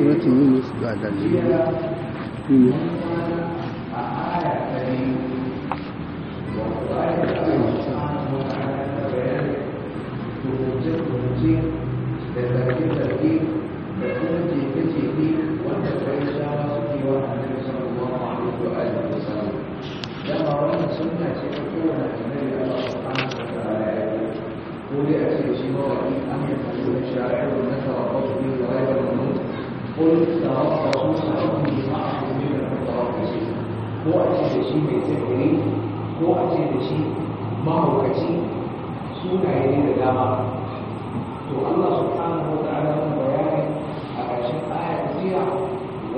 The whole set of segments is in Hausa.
我建议是，我建议。sunna ce ta kowane annabi Allah subhanahu wa ta'ala ya yi ko dai a ce shi mawaki an yi kasu da shari'ar na tawafatu ne da rayuwar wannan ko tawafatu sa'adun ne ma a kuma yi da tawafatu ko a ce da shi mai tsibiri ko a ce da shi mahaukaci sunaye ne da dama to Allah subhanahu wa ta'ala ya bayani a ƙarshen ayar jiya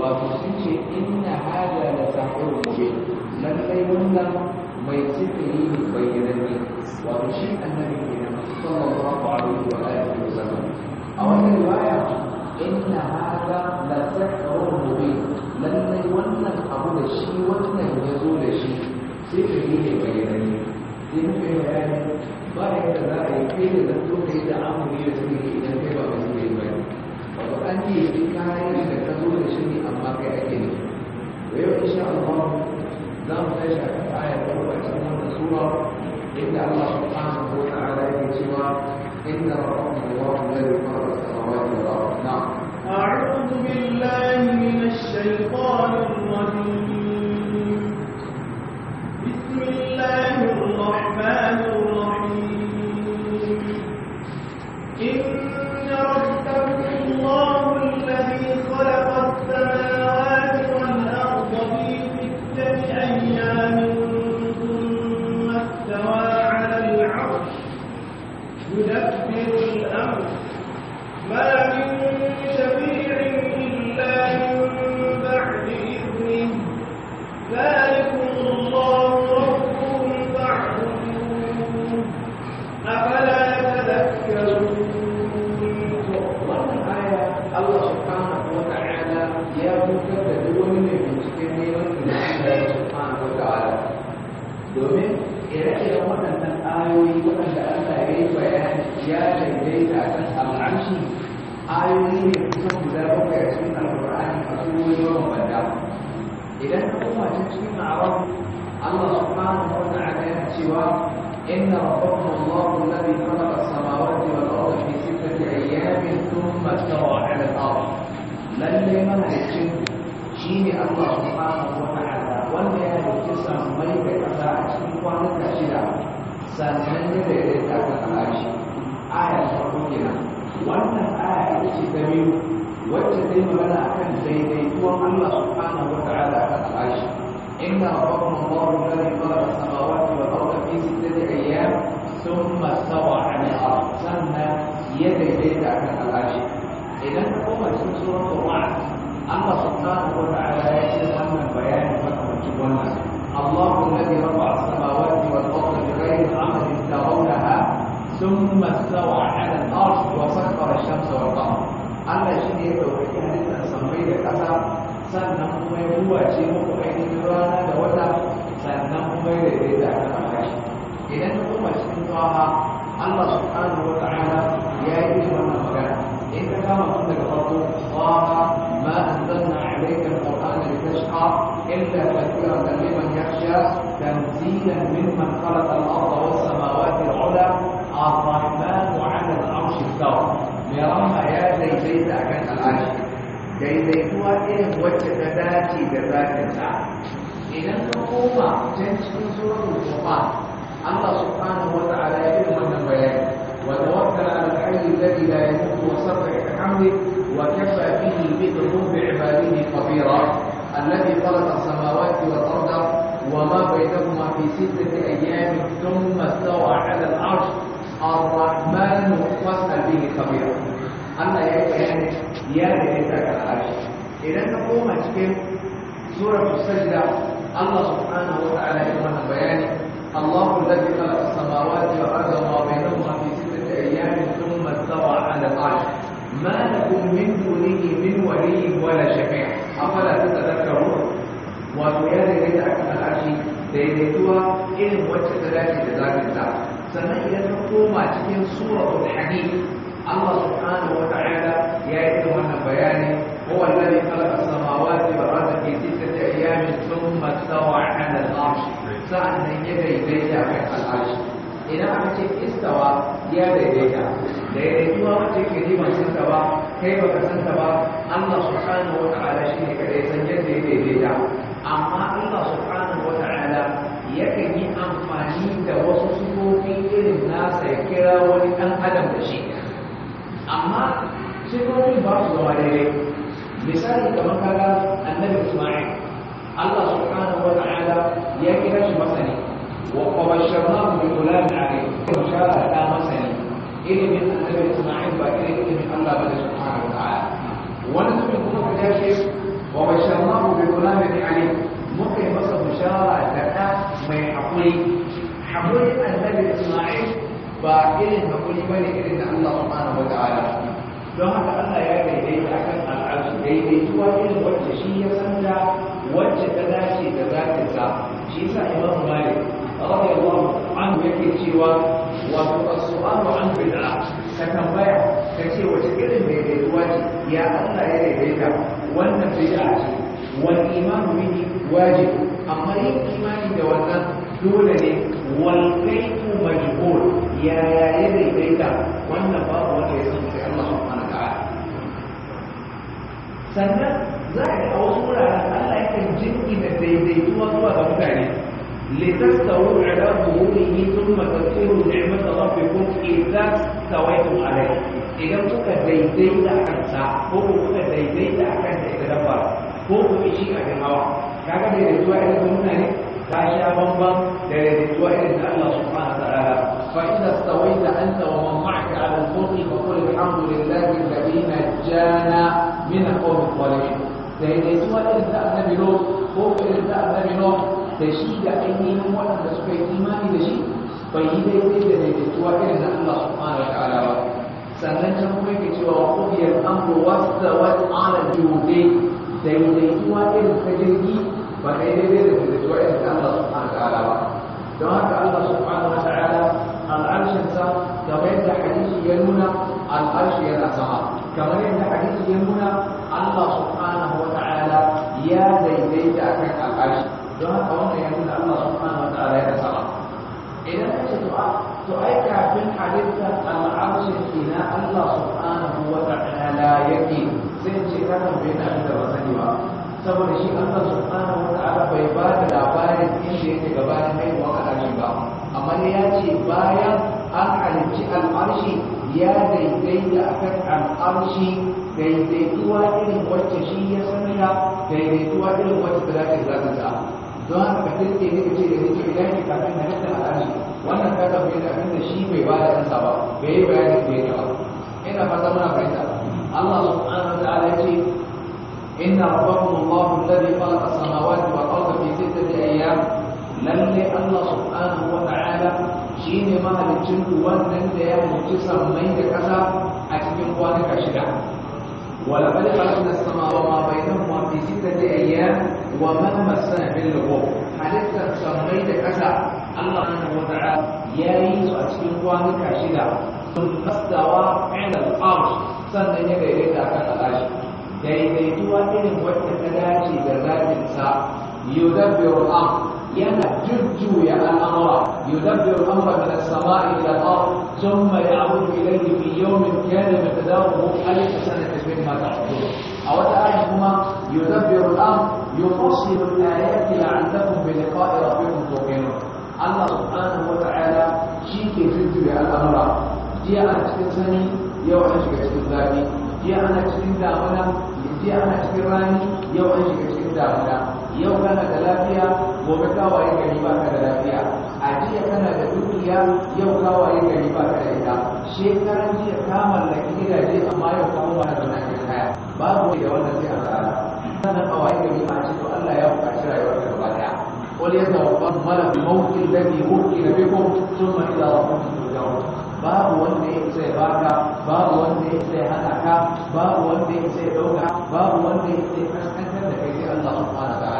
wato sun ce inna hada la sahirun mubin lallai wannan mai cikin yi bayyana zikiri bayyananne wato shi annabi kenan sallallahu alaihi wa alihi wa sallam a wannan riwaya inna hada la sihrun mubin lallai wannan abu da shi wannan ya zo da shi cikin zikiri ne bayyananne sai ya yi bayani ba da yadda za a yi kai da zanto ka yi da amuri da zikiri idan kai ba mai zikiri ba ne wato an yi shi kayan da ta zo da shi ne amma kai ake ne yau insha Allah za mu tashi a kan da kuma cikin wannan sura inda Allah subhanahu wa ta'ala yake cewa inna rabbakum huwa alladhi khalaqa sannan ya daidaita kan al'arshi aya ta farko kenan wannan aya ita ce ta biyu wacce zai magana akan daidaituwan Allah subhanahu wa ta'ala akan al'arshi inna rabbakum Allahu alladhi khalaqa as-samawati wal arda fi sittati ayyam thumma stawa 'ala al-'arsh sannan ya daidaita akan al'arshi idan ka koma cikin suratul ra'd Allah subhanahu wa ta'ala ya ce wannan bayani makamancin wannan الله الذي رفع السماوات والأرض بغير عمد ترونها ثم استوى على الأرض وسخر الشمس والقمر Allah shi ne ya ɗaukaki halittar sammai da ƙasa sannan kuma ya ruwace muku ainihin rana da wata sannan kuma ya daidai da aka makashi idan ka koma cikin tsawa Allah subhanahu wa ta'ala ya yi wannan magana in ka kama tun daga farko tsawa عليك القرآن لتشقى إلا تذكرة لمن يخشى تنزيلا ممن خلق الأرض والسماوات العلى الرحمن على العرش استوى ميرام يا زي زي أكان العرش زي زي هو إيه وجدتاتي بذات الساعة إذا الحكومة تنسكن سورة الفرقان الله سبحانه وتعالى يقول من البيان وتوكل على الحي الذي لا يموت وصدق بحمده وكفى به بذنوب عباده خبيرا الذي خلق السماوات والارض وما بينهما في سته ايام ثم استوى على العرش الرحمن فاسال به خبيرا الله يا يعني يا على العرش اذا نقوم اشكال سوره السجده الله سبحانه وتعالى يقول البيان الله الذي خلق السماوات والارض وما بينهما في سته ايام ثم استوى على العرش ما لكم من دونه من ولي ولا شفيع أفلا تتذكرون وأتويا لدينا أكثر العرش daidaituwa irin wacce ta dace da zafinta sannan idan ka koma cikin suratul hadid Allah subhanahu wa ta'ala ya yi irin wannan bayani huwa alladhi khalaqa as-samawati wal arda fi sittati ayyamin thumma istawa 'ala al-'arsh sa'annan ya daidaita kan al-'arsh Ina aka ce istawa ya daidaita daidaituwa wacce ke riban santa ba kai ba ka santa ba Allah subhanahu wa ta'ala shi ne ya yadda ya daidaita amma Allah subhanahu wa ta'ala yakan yi amfani da wasu sufofi irin nasa ya kira wani ɗan adam da shi amma sifofin ba su zama daidai misali kamar kaga annabi Isma'il Allah subhanahu wa ta'ala ya kira shi masani وبشرناه بغلام عليم بشارة لا مثلا إلي من النبي إسماعيل وإلي إلي من الله بل سبحانه وتعالى ونسمي قلوب جاشي وبشرناه بغلام عليم ممكن مصر بشارة لنا ما يقولي حمولي النبي إسماعيل وإلي نقولي بني إلي الله سبحانه وتعالى don haka Allah ya daidaita akan al'adu daidaituwa irin wacce shi ya san da wacce ta dace da zatinsa shi yasa Imam Malik radiyallahu an yake cewa wato as-su'alu an bid'a ka tambaya ka ce wace irin mai daidaituwa ce ya Allah ya daidaita wannan bid'a ce wal imanu bihi wajib amma yin imani da wannan dole ne wal kayfu majhul ya ya ya daidaita wannan babu wanda ya san sai Allah subhanahu ta'ala sannan za a yi a wasu wuraren Allah yakan jinki da daidaituwa zuwa ga mutane لتستووا على ظهوره ثم تذكروا نعمة ربكم إذا استويتم عليه إذا كنت ديديت أكنتا هو كنت ديديت أكنتا تدبر هو كمشي أكنوا كما ديديتوا إلى المنهي كاشا بمبا ديديتوا إلى الله سبحانه وتعالى فإذا استويت أنت ومن معك على الفلك فقل الحمد لله الذي نجانا من القوم الظالمين ديديتوا إلى النبي لوط هو إلى النبي da shi da ainihin waɗanda suka yi imani da shi ba yi daidai da daidaituwa irin na Allah subhanahu wa ta'ala ba sannan can kuma yake cewa qudiyal amru wastawat 'ala al-judayn daidaituwa irin ta jirgi ba daidai da daidaituwa irin na Allah subhanahu wa ta'ala ba don haka Allah subhanahu wa ta'ala al'arshin sa kamar yadda hadisi ya nuna al'arshi yana sama kamar yadda hadisi ya nuna Allah subhanahu wa ta'ala ya daidaita akan al'arshi don haka wanda ya nuna Allah subhanahu wa ta'ala yana sama idan ka ce du'a to ai kafin halittar al'arshin ina Allah subhanahu wa ta'ala yake sai ce ka tambaye ta da ba sani ba saboda shi Allah subhanahu wa ta'ala bai ba da labarin inda yake gabanin haihuwa a ɗari ba amma ne ya ce bayan an halicci al'arshi ya daidaita akan al'arshi daidaituwa irin wacce shi ya sani daidaituwa irin wacce ba za ta don haka ka tilke ne ka ce da zai ce gani kafin na nasta al'ani wannan ka tafi da abin da shi bai ba da ɗansa ba bai yi bayani bai da ba ina fata muna fahimta Allah subhanahu wa ta'ala ce inna rabbakum Allahu alladhi khalaqa as-samawati wal arda fi sittati ayyam lalle Allah subhanahu wa ta'ala shine mahaliccin wannan da ya mutu sammai da kasa a cikin kwanuka shida ولقد خلقنا السماء وما بينهما في ستة أيام وما مسنا من لغوب حدثت شمعي كذا الله سبحانه وتعالى يا ريس أسكن وانك شدا ثم استوى عند العرش سنة يبيت أكاد العرش daidaituwa irin wadda وقت dace da zaɓinsa yudabbiru al-amr yana jujjuya al'amura yudabbiru al-amra min as-sama'i ila al-ard thumma ya'udu ilayhi fi yawmin kana miqdaruhu alf sanatin mimma ta'udun aw ta'ala kuma yudabbiru al-amr yufassilu al-ayati la'allakum bi liqa'i rabbikum tuqinun Allah subhanahu wa ta'ala shi ke jujjuya al'amura jiya ana cikin sani yau an shiga cikin zafi jiya ana cikin damuna jiya ana cikin rani yau an shiga cikin damuna yau kana da lafiya gobe ka waye gari ba ka da lafiya a jiya kana da dukiya yau ka waye gari ba ka da ita shekaran jiya ka mallaki gidaje amma yau ka mu wani zauna ke kaya babu da wannan sai an tsara sannan a waye gari ma ce to Allah ya buƙaci rayuwar ka gaba daya qul yatawaffa mala al-mawt alladhi ukila bikum thumma ila rabbikum turja'un babu wanda ya isa ya baka babu wanda ya isa ya hana ka babu wanda ya isa ya dauka babu wanda ya isa ya kaskantar da kai sai Allah subhanahu wa ta'ala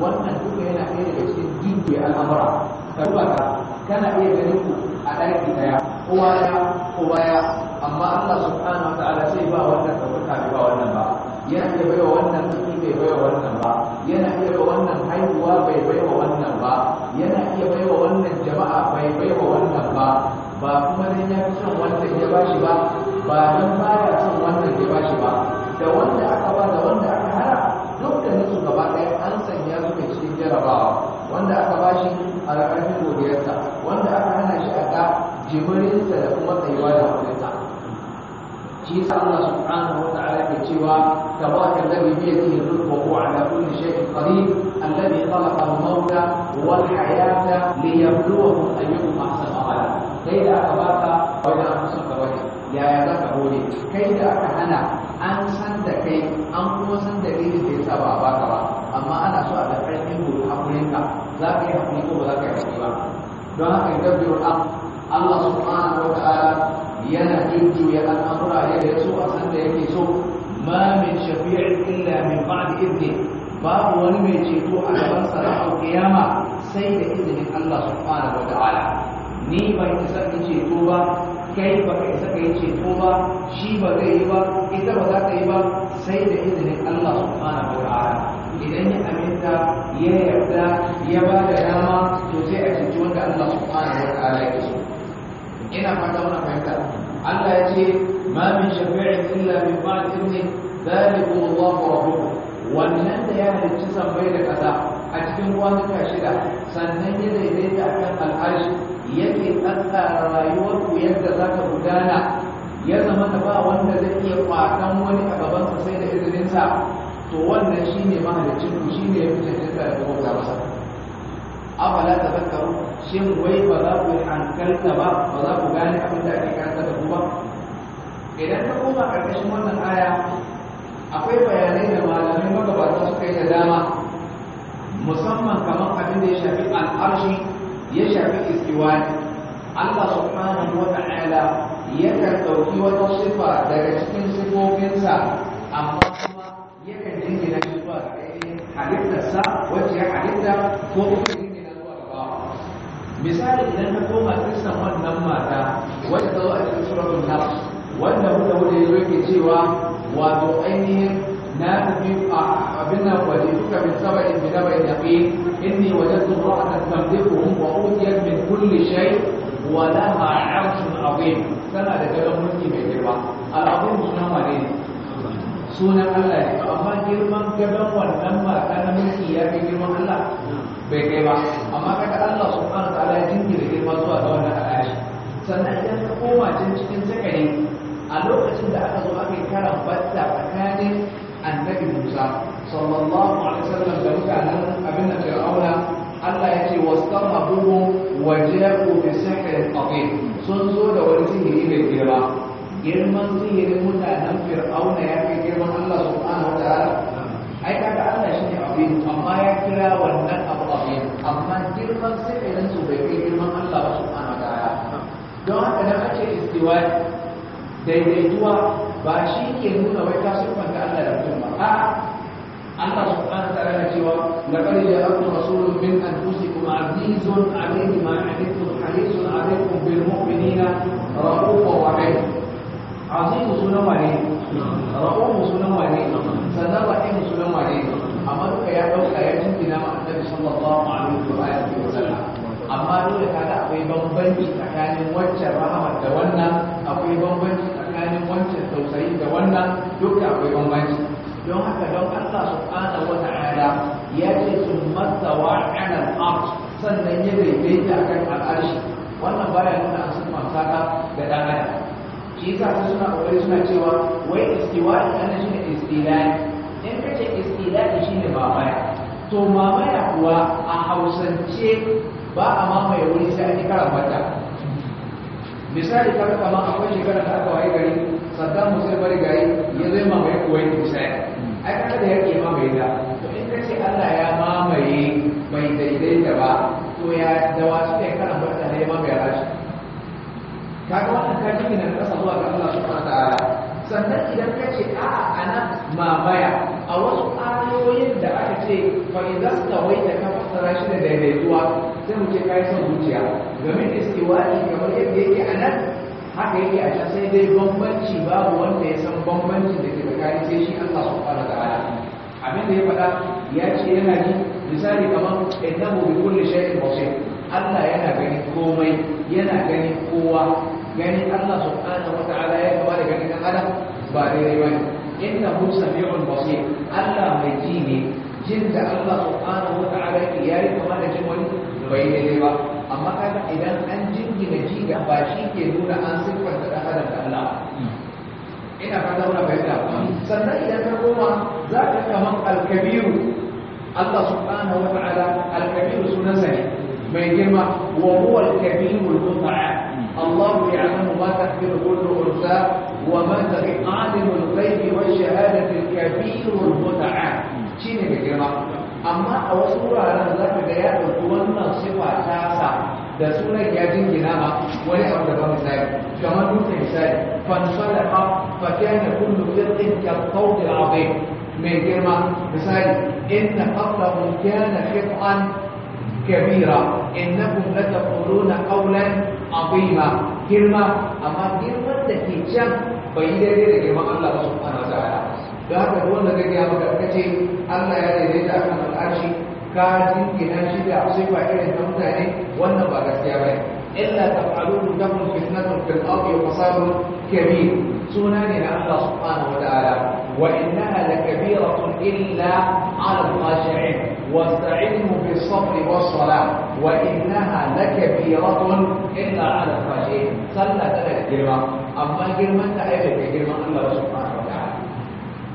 wannan duka yana ɗaya daga cikin jinki al'amura ka duba ka kana iya ganin ku a ɗaki ɗaya kowa ya ko baya. amma Allah subhanahu wa ta'ala sai ba wannan ɗaukaka bai ba wannan ba yana iya baiwa wannan ciki bai baiwa wannan ba yana iya baiwa wannan haihuwa bai baiwa wannan ba yana iya baiwa wannan jama'a bai baiwa wannan ba ba kuma dai ya fi son wannan ya shi ba ba dan baya son wannan ya kuma tsayuwa da hannunsa shi yasa Allah subhanahu wa ta'ala ke cewa tabaraka alladhi bi yadihi al-mulku wa huwa ala kulli shay'in qadir alladhi khalaqa al hayata liyabluwakum ayyukum ahsanu amala kai da aka baka ka za ka gode kai da aka hana an san da kai an kuma san da kai da yasa ba a baka ba amma ana so a da gudu hakurinka za ka yi hakuri ko ba za ka yi hakuri ba don haka gabbiyar Allah subhanahu yana ya al'amura ya ya so a san da yake so ma min shafi'in illa min ba'd idni babu wani mai ceto a gaban sarrafa kiyama sai da izinin Allah subhanahu wa ta'ala ni ban isa in ceto ba kai ba ka isa kai ceto ba shi ba zai yi ba ita ba za ta yi ba sai da izinin Allah subhanahu wa ta'ala idan ya aminta ya yarda ya ba da dama to sai a ceci wanda Allah subhanahu wa ta'ala ya so ina fata wannan fahimta Allah ya ce ma min shafi'in illa min ba'd idni zalikum Allah rabbuhu wannan da ya halicci sammai da kasa a cikin kwanuka shida sannan ya daidaita kan al'arshi yake rayuwar rayuwarku yadda za ka gudana ya zama da ba wanda zai iya kwatan wani a gabansa sai da izininsa to wannan shine mahalicin ku shine ya fi cancanta da kuma masa afala tazakkaru shin wai ba za ku hankalta ba ba za ku gane abin da ake kasa da ba idan ka koma karkashin wannan aya akwai bayanai da malamai magabata suka yi da dama musamman kamar abin da ya shafi al'arshi ya shafi istiwani Allah subhanahu wa ta'ala yakan ɗauki wata sifa daga cikin sifofinsa amma kuma yakan jingina shi zuwa ga ainihin halittarsa wacce ya halitta ko kuma misali idan ka koma kisan wannan mata wadda a cikin suratul nas wanda kuma wanda ya yake cewa wato ainihin na tafi abin nan waje duka min saba'in bi naba'in yaqin inni wajadtu ra'atan tamlikuhum wa utiyat min kulli shay wa laha 'arshun 'azim tana da gadon mulki mai girma al'abun sunan wane ne sunan Allah ne amma girman gadon wannan mata na mulki ya fi girman Allah bai kai ba amma kaga Allah subhanahu wataala ya da girma zuwa ga wannan al'ada sannan idan ka koma jin cikin sakare a lokacin da aka zo aka yi karan batta tsakanin annabi Musa sallallahu alaihi wasallam da mutanen abin da Fir'auna Allah ya ce wastahabu wa ja'u bi sihrin sun zo da wani sihiri mai girma girman sihirin mutanen Fir'auna ya fi girman Allah subhanahu wataala ai kaga Allah shi ne abin amma ya kira wannan abu abin amma girman sirrin su bai kai girman Allah ba subhanahu wataala don haka dan ake istiwa daidaituwa ba shi ke nuna wai ta sifanta Allah da mutum ba a Allah subhanahu wataala ya cewa laqad ja'akum rasulun min anfusikum azizun alayhi ma anittum harisun alaykum bil mu'minina ra'ufur rahim azizu sunan wane ra'ufur sunan wane bambanci tsakanin wancan rahama da wannan akwai bambanci tsakanin wancan tausayi da wannan duk akwai bambanci don haka don Allah subhanahu wa ta'ala ya ce sun masawa ala al sannan ya kan akan al'arshi wannan baya nuna sun masaka da dan adam shi yasa suna kokari suna cewa wai istiwa ana shi ne istilai in kace istilai shine mamaya to mamaya kuwa a hausance ba a mamaye wuri sai an yi karan wata misali kar kama akwai shekara da aka waye gari saddam musai bari gari ya zai mamaye kuwait misali ai kada da yake mamaye da to in ka ce allah ya mamaye daidai da ba to ya da wasu yi karan wata ne mamaye rashi ga wannan ka ji ne ka zuwa ga allah subhanahu ta'ala sannan idan ka ce a a nan mamaya a wasu ayoyin da aka ce fa idan ka waita ka sarashi shi da daidaituwa sai mu ce kai son zuciya game da istiwa'i kamar yadda yake a nan haka yake a can sai dai bambanci babu wanda ya san bambanci da ke tsakanin sai shi Allah subhanahu ta'ala abin da ya faɗa ya ce yana ji misali kamar innahu bi kulle shay'in basir Allah yana gani komai yana gani kowa gani Allah subhanahu ta'ala ya gaba da gani kan adam ba daidai bane innahu sami'un basir Allah mai ji ne jin da Allah subhanahu wata'ala yake yayi kuma da jin wani bai daidai ba amma kaga idan an jingina ji da ba shi ke nuna an siffanta da adam da Allah ina fata muna bayyana sannan idan ka koma za ka kaman alkabiru Allah subhanahu wata'ala alkabiru sunansa ne mai girma wa huwa alkabiru al-muta'ala الله يعلم ما تحمل كل انثى وما تغيب عالم الغيب والشهاده الكبير المتعال shi ne da girma amma a wasu wuraren za ka ga ya ɗauki wannan sifa sa da sunan ya jingina ma wani abu da ba misali kamar dutse misali da fakana kullu ya ka qawli abai mai girma misali inna qablahu shi khit'an kabira innakum lataquluna qawlan ba, girma amma girman da ke can bai yi daidai da girman Allah ba su wa zara don haka duk wanda kake ya maka kace Allah ya daidaita a kan al'arshi ka jingina shi da sifa irin na mutane wannan ba gaskiya ba ne illa taf'aluhu takun fitnatun fil ardi wa fasadun kabir suna ne na Allah subhanahu wa ta'ala wa innaha lakabiratun illa 'ala al-khashi'in wasta'inu bis sabri was salah wa innaha lakabiratun illa 'ala al-khashi'in sallah tana girma amma girman ta ai bai girman Allah subhanahu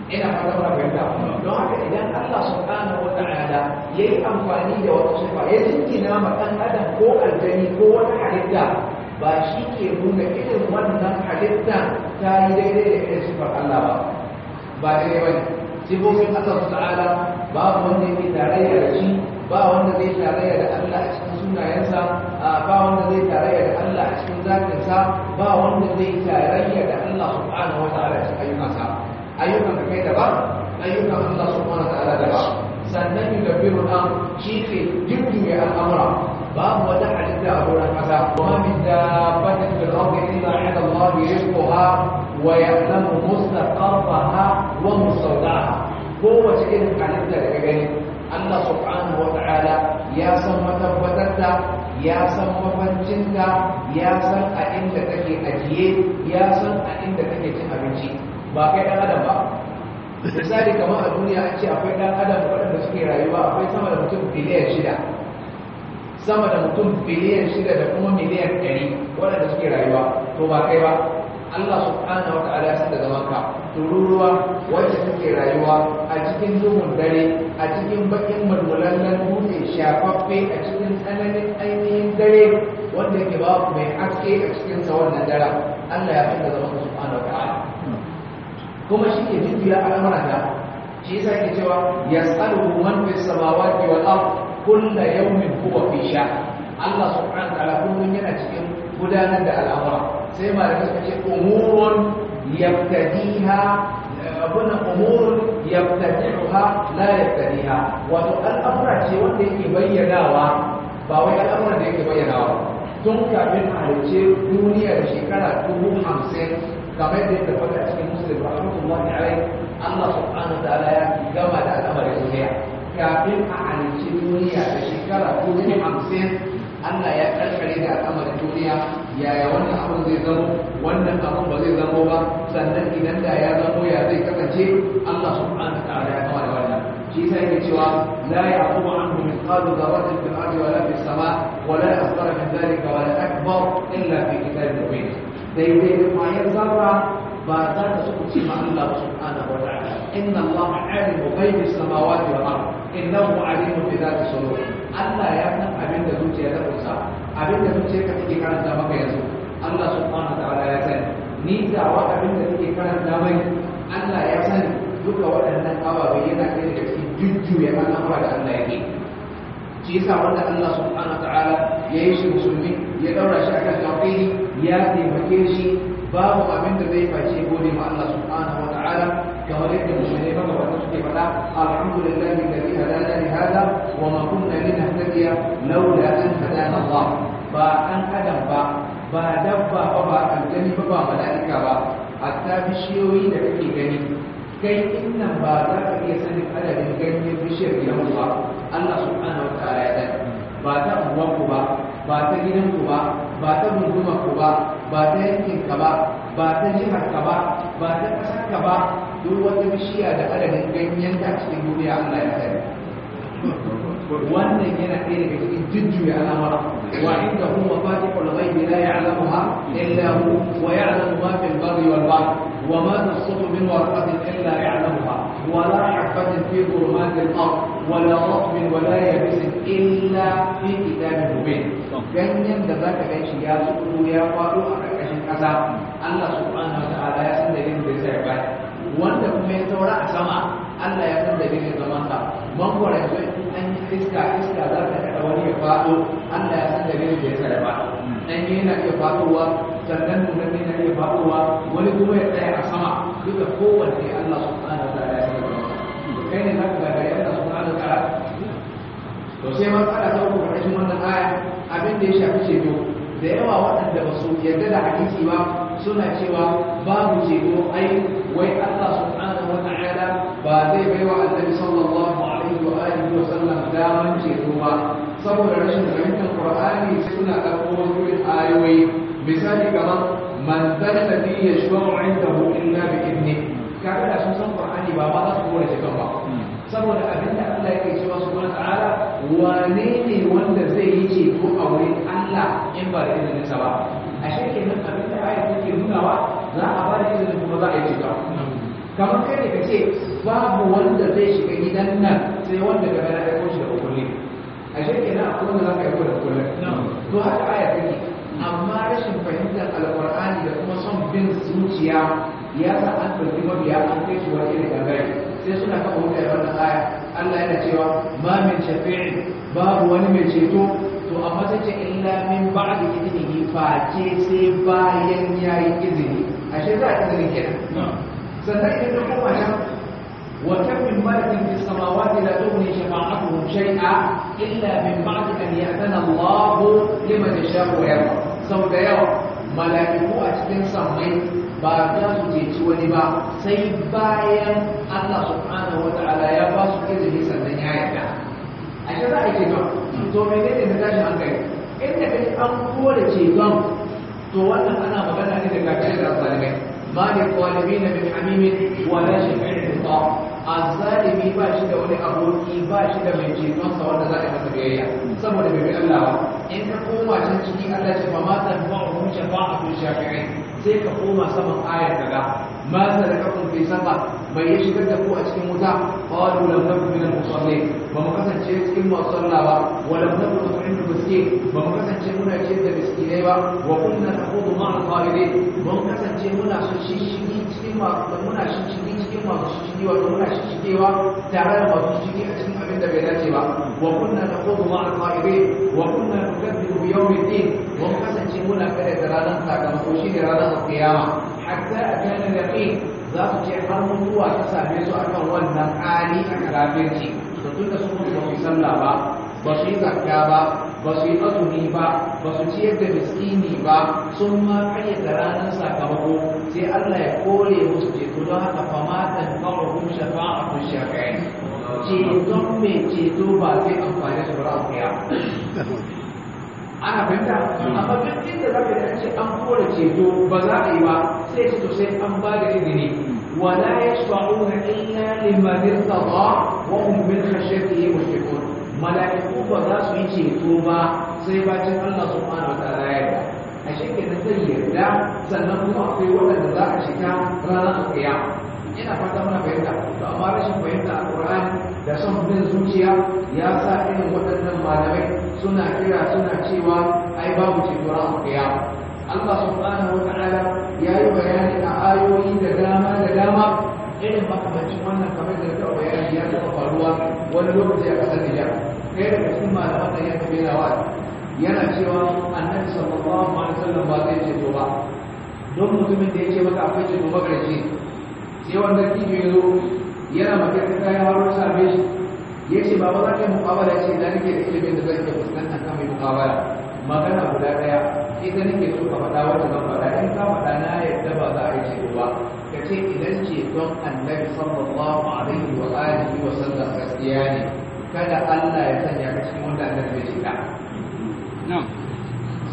ina fata mana fahimta don haka idan Allah subhanahu wa ta'ala yayi amfani da wata sifa ya jinkina ma dan adam ko aljani ko wata halitta ba shi ke nuna irin wannan halitta ta yi daidai da irin sifar Allah ba ba daidai ba ne sifofin Allah ta'ala ba wanda yake tarayya da shi ba wanda zai tarayya da Allah a cikin sunayensa ba wanda zai tarayya da Allah a cikin zatinsa ba wanda zai tarayya da Allah subhanahu wa ta'ala a cikin ayyukansa ayyukan kai daban ayyukan Allah subhanahu ta'ala daban sannan yudabbiru al-amr shi ke jujjuya al'amura babu wata halitta a wurin kasa kuma min dabbatin fil ardi illa 'ala Allah rizquha wa ya'lamu mustaqarraha wa ko kowace irin halitta daga gani Allah subhanahu wa ya san matabbatarta ya san mafarcinta ya san a inda kake ajiye ya san a inda kake cin abinci ba kai ɗan adam ba misali kamar a duniya an ce akwai ɗan adam waɗanda suke rayuwa akwai sama da mutum biliyan shida sama da mutum biliyan shida da kuma miliyan ɗari waɗanda suke rayuwa to ba kai ba Allah subhanahu wa ta'ala da zaman tururuwa wacce suke rayuwa a cikin duhun dare a cikin bakin nan, dutse shafaffe a cikin tsananin ainihin dare wanda yake babu mai haske a cikin sa wannan dare Allah ya san da zaman ka subhanahu wa ta'ala kuma shi ke a al'amura da shi yasa ke cewa Ya hukumar man fis wa wal ard yau yawmin huwa fi sha Allah su wa ta'ala kullun yana cikin gudanar da al'amura sai da suka ce umurun yabtadiha abuna umurun yabtadiha la yabtadiha wato al'amura ce wanda yake bayyanawa ba wai al'amura da yake bayyanawa tun kafin a halicce duniya da shekara dubu hamsin kamar yadda ya tabbata a cikin muslim rahmatullahi alaihi Allah subhanahu ta'ala ya gama da al'amarin duniya kafin a halicci duniya da shekara ko dubu hamsin Allah ya karkare da al'amarin duniya yaya wannan abin zai zamo wannan abin ba zai zamo ba sannan idan da ya zamo ya zai kasance Allah subhanahu ta'ala ya da wannan shi sai yake cewa la ya'qubu anhu mithqalu dharratin fil ardi wala fis sama' wala asghara illa fi kitabin mubin daidai da zarra ba za ta sukuci ma Allah subhanahu wa ta'ala inna Allah alimu ghaibi samawati wal ard innahu alimu bi dhati sudur Allah ya san abin da zuciya ta kusa abin da zuciya ka take karanta maka yanzu Allah subhanahu wa ta'ala ya san ni dawa abin da take karanta mai Allah ya san duka waɗannan ababe yana ɗaya daga cikin jujjuya al'amura da Allah ya ke. shi yasa wanda Allah subhanahu wa ta'ala ya yi shi musulmi ya daura shi akan tauhidi ya taimake shi babu abin da zai face gode ma Allah subhanahu wa ta'ala kamar yadda musulmai maka wanda suke faɗa alhamdulillahi alladhi hadana li hada wa ma kunna linahtadiya laula an hadana Allah ba an adam ba ba dabba ba ba aljani ba ba mala'ika ba hatta bishiyoyi da kake gani kai in nan ba za ka iya sanin adadin ganyen bishiyar gidan ba Allah subhanahu wa ta'ala ya ba ta uwanku ba ba ta gidan ku ba ba ta gunduma ku ba ba ta yankin ka ba ba ta jihar ka ba ba ta ƙasar ka ba duk wata bishiya da adadin ganyen ta cikin duniya Allah ya sani wannan yana ɗaya daga cikin jujjuya al'amara wa inda hu mafatihul ghaibi la ya'lamuha illa hu wa ya'lamu ma fil wa ma min illa ولا حبة في ظلمات الأرض ولا رطب ولا يابس إلا في كتاب مبين ganyen da za ka gan shi ya tsoro ya faɗo a ƙarƙashin ƙasa Allah subhanahu wa ta'ala ya san dalilin da ya sa ya wanda kuma ya saura a sama Allah ya san dalilin zaman sa mangwara ya zo an yi iska iska za ta kada wani ya faɗo Allah ya san dalilin da ya sa ya yi na yana iya faɗowa sannan nunan na iya faɗowa wani kuma ya tsaya a sama duka kowanne Allah subhanahu wa ta'ala ya san dalilin kai ne za ga gagari Allah subhanahu wa ta'ala to sai matsala ta uku ƙarƙashin wannan aya abin da ya shafi ceto da yawa waɗanda ba su yarda da hadisi ba suna cewa babu ceto ai wai Allah subhanahu wa ta'ala ba zai bai wa annabi sallallahu alaihi wa alihi wa sallam daman ceto ba saboda rashin fahimtar qur'ani suna ɗauko wasu ayoyi misali kamar man dalladhi yashfa'u 'indahu illa bi idni kaga da sun san qur'ani ba ma za su kore cikin ba saboda abin da Allah ya kai cewa subhanahu ta'ala wane ne wanda zai yi ceto a wurin Allah in ba da izinin sa ba a shekin nan abin da ayat take nunawa za a ba da izinin kuma za a yi ceto kamar kai ne ka ce babu wanda zai shiga gidan nan sai wanda gaba na aiko shi da hukunni a shekin nan akwai wanda za ka aiko da hukunni to haka ayat take amma rashin fahimtar alkur'ani da kuma son bin zuciya ya sa an ɗauki mabiya an kai shi wani irin gangare sai suna kafa wukai wannan aya Allah yana cewa ma min shafi'in babu wani mai ceto to a sai ce illa min ba'di idnihi fa ke sai bayan yayi izini ashe za ka izini kenan sannan idan ka koma shan wa kam min malakin fi samawati la tughni shafa'atuhum shay'a illa min ba'di an ya'tana Allah liman yasha'u wa yarda sau da yawa mala'iku a cikin sammai ba za su ceci wani ba sai bayan Allah subhanahu wa ta'ala ya ba su izini sannan ya yarda a shi za a ce ba to ne na tashi hankali inda kai an kore zan to wannan ana magana ne da kafin da zalimai ma da kwalibi na bin hamimin wa la shafi'in azalimi ba shi da wani aboki ba shi da mai cetonsa wanda za a yi masa biyayya saboda bai bi Allah ba in ka koma can ciki Allah ce ba ma tanfa'uhum shafa'atu shafi'i sai ka koma saman ayar kaga ma ku fi safa bai yi shigar da ku a cikin wuta Ba qalu lam nakum min al-musallin ba mu kasance cikin masu sallah ba wa lam nakum nut'imu miskin ba mu kasance muna ciyar da ne ba wa kuma kunna naqudu ma'a al-qalidin mun kasance muna su shishigi cikin masu muna shishigi cikin masu shishigi wato muna shishigewa tare da masu shishigi a cikin abin da bai dace ba wa kuma kunna naqudu ma'a al-qalidin wa kunna nukadibu bi yawmi din mun kasance muna kare da ranar sakamako shi ne ranar kiyama hatta atana al-yaqin za su ce har mutuwa ta same su a kan wannan hali a karafirci to tun da su ba su sallah ba ba su yi zakka ba ba su yi azumi ba ba su ciyar da miskini ba sun ma karyata ranar sakamako sai Allah ya kore musu ceto don haka a kawakun shafa'akun shafi'ai ceton mai ceto ba zai amfani su ba a ana fahimta amma duk inda za da yi an kore ceto ba za a yi ba sai ce to sai an ba da izini la yashfa'una illa liman irtada wa hum min khashyatihi mushfiqun mala'iku ba za su yi ceto ba sai bacin Allah subhanahu wa ta'ala ya yarda a na zai yarda sannan kuma akwai waɗanda za a shiga ranar alƙiyama ina fata mana fahimta to amma rashin fahimta a alƙur'ani da son bin zuciya ya sa irin waɗannan malamai suna kira suna cewa ai babu ceto a kiyama Allah subhanahu wataala ya yi bayani a ayoyi da dama da dama irin makamancin wannan kamar da ta bayani ya taɓa faruwa wani lokaci a ƙasar Nijar ɗaya daga cikin malaman da ya taɓa yana yana cewa annabi sallallahu alaihi wasallam ba zai ce to ba don mutumin da yake maka akwai ceto magarci sai wanda kiyo ya zo yana magana kayan haro same shi ya ce ba za ka muƙabala ce na nake da ilimin da zan iya fuskanta kan mai muƙabala magana guda ɗaya ita nake so ka faɗa wata zan faɗa in ka faɗa na yadda ba za a yi ce ba ka ce idan ce don annabi sallallahu alaihi wa alihi wa sallam gaskiya ne kada Allah ya sanya ka cikin wanda annabi ya shiga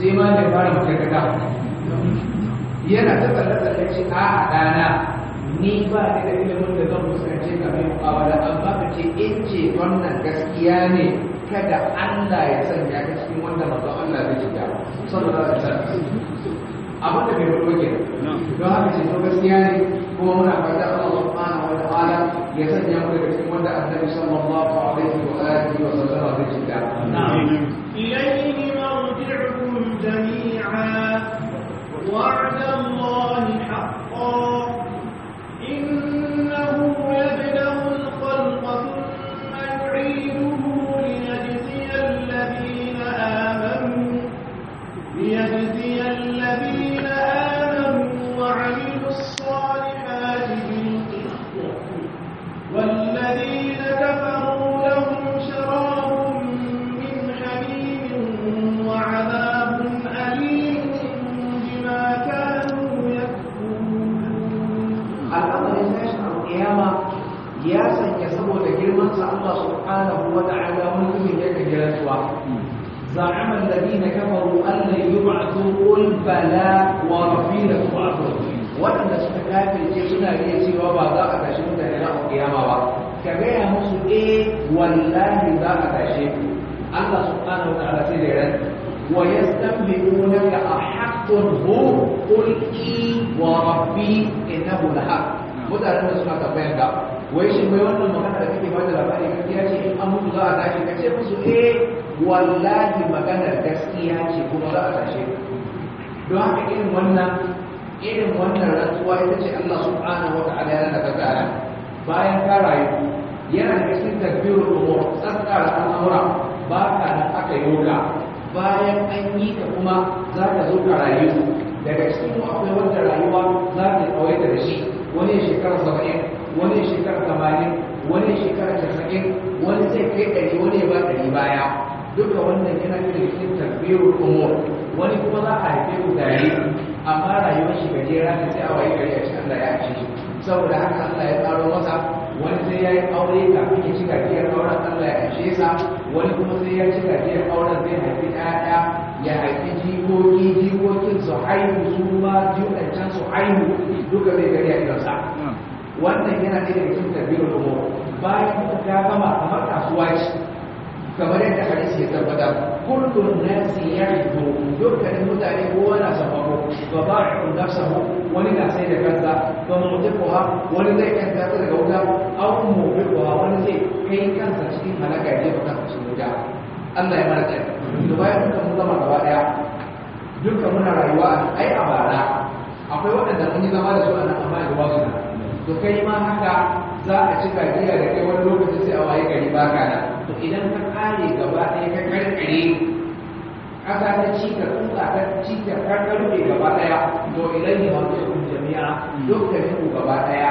sai ma da fara mutum ka yana ta tsalle-tsalle ce a ɗana ni ba ni da ilimin da zan fuskance ka mai mu'amala amma ka ce in ce wannan gaskiya ne kada Allah ya sanya ka cikin wanda manzon Allah zai shiga sallallahu alaihi wasallam amma da bai rubuta ke don haka ce to gaskiya ne kuma muna fata Allah subhanahu wa ta'ala ya sanya mu daga cikin wanda Annabi sallallahu alaihi wa alihi wa sallam zai shiga amin ilayhi marji'ukum jami'a wa'da subhanahu wa ta'ala mulkin yake giratuwa za'ama alladhina kafaru an la yub'athu qul bala wa rabbina tub'athun wanda suka kafirce suna iya cewa ba za a tashi mutane na kiyama ba ka gaya musu eh wallahi za a tashe ku Allah subhanahu wa ta'ala sai da ran wa mutanen da suka tabbayan ka wai shi mai wannan magana da kake bada labari gaskiya ce in an mutu za a tashi ka ce musu eh wallahi magana gaskiya ce kuma za a tashi don haka irin wannan irin wannan rantsuwa ita ce Allah subhanahu wa ta'ala yana da tsara bayan ka rayu yana da cikin tadbirul umur tsara al'amura ba ka nan aka yoga bayan an yi ka kuma za ka zo ka rayu daga cikin akwai wanda rayuwa za ta tsawaita da shi wani shekara saba'in wani shekar tamanin wani shekar tasa'in wani zai kai ɗari wani ya ba ɗari baya duka wannan yana da cikin tarbiyyar umur wani kuma za a haife ku tare amma rayuwar shi gajera ta da a waye gari a cikin da ya ci saboda haka Allah ya tsaro masa wani sai ya yi aure kafin ya ci gajiyar auren Allah ya ce sa wani kuma sai ya ci gajiyar auren zai haifi ɗaya ya haifi jikoki jikokin su haihu su ma jiwancan su haihu duka zai gari a kansa wannan yana da daga cikin tarbiyyar umur bayan da ta gama kamar kasuwa ce kamar yadda hadisi ya tabbata kullum nasi ya'idu dukkanin mutane kowa na ko ba ba'idu nafsahu wani na sai da kansa ba mutiquha wani zai kan kansa daga wuta aw mubiquha wani zai kai kansa cikin halaka ya jefa cikin wuta Allah ya mana tsari to bayan duka mun zama gaba daya dukkan muna rayuwa ai a bara akwai waɗanda mun yi zama da su a nan amma da to kai ma haka za a ci kajiya da kai wani lokaci sai a waye gari ba ka da, to idan ka kare gaba ɗaya ka karkare ƙasa ta ci ka tsuka ta ci ka karkare gaba ɗaya to idan ya wato ya kun jami'a lokacin ku gaba ɗaya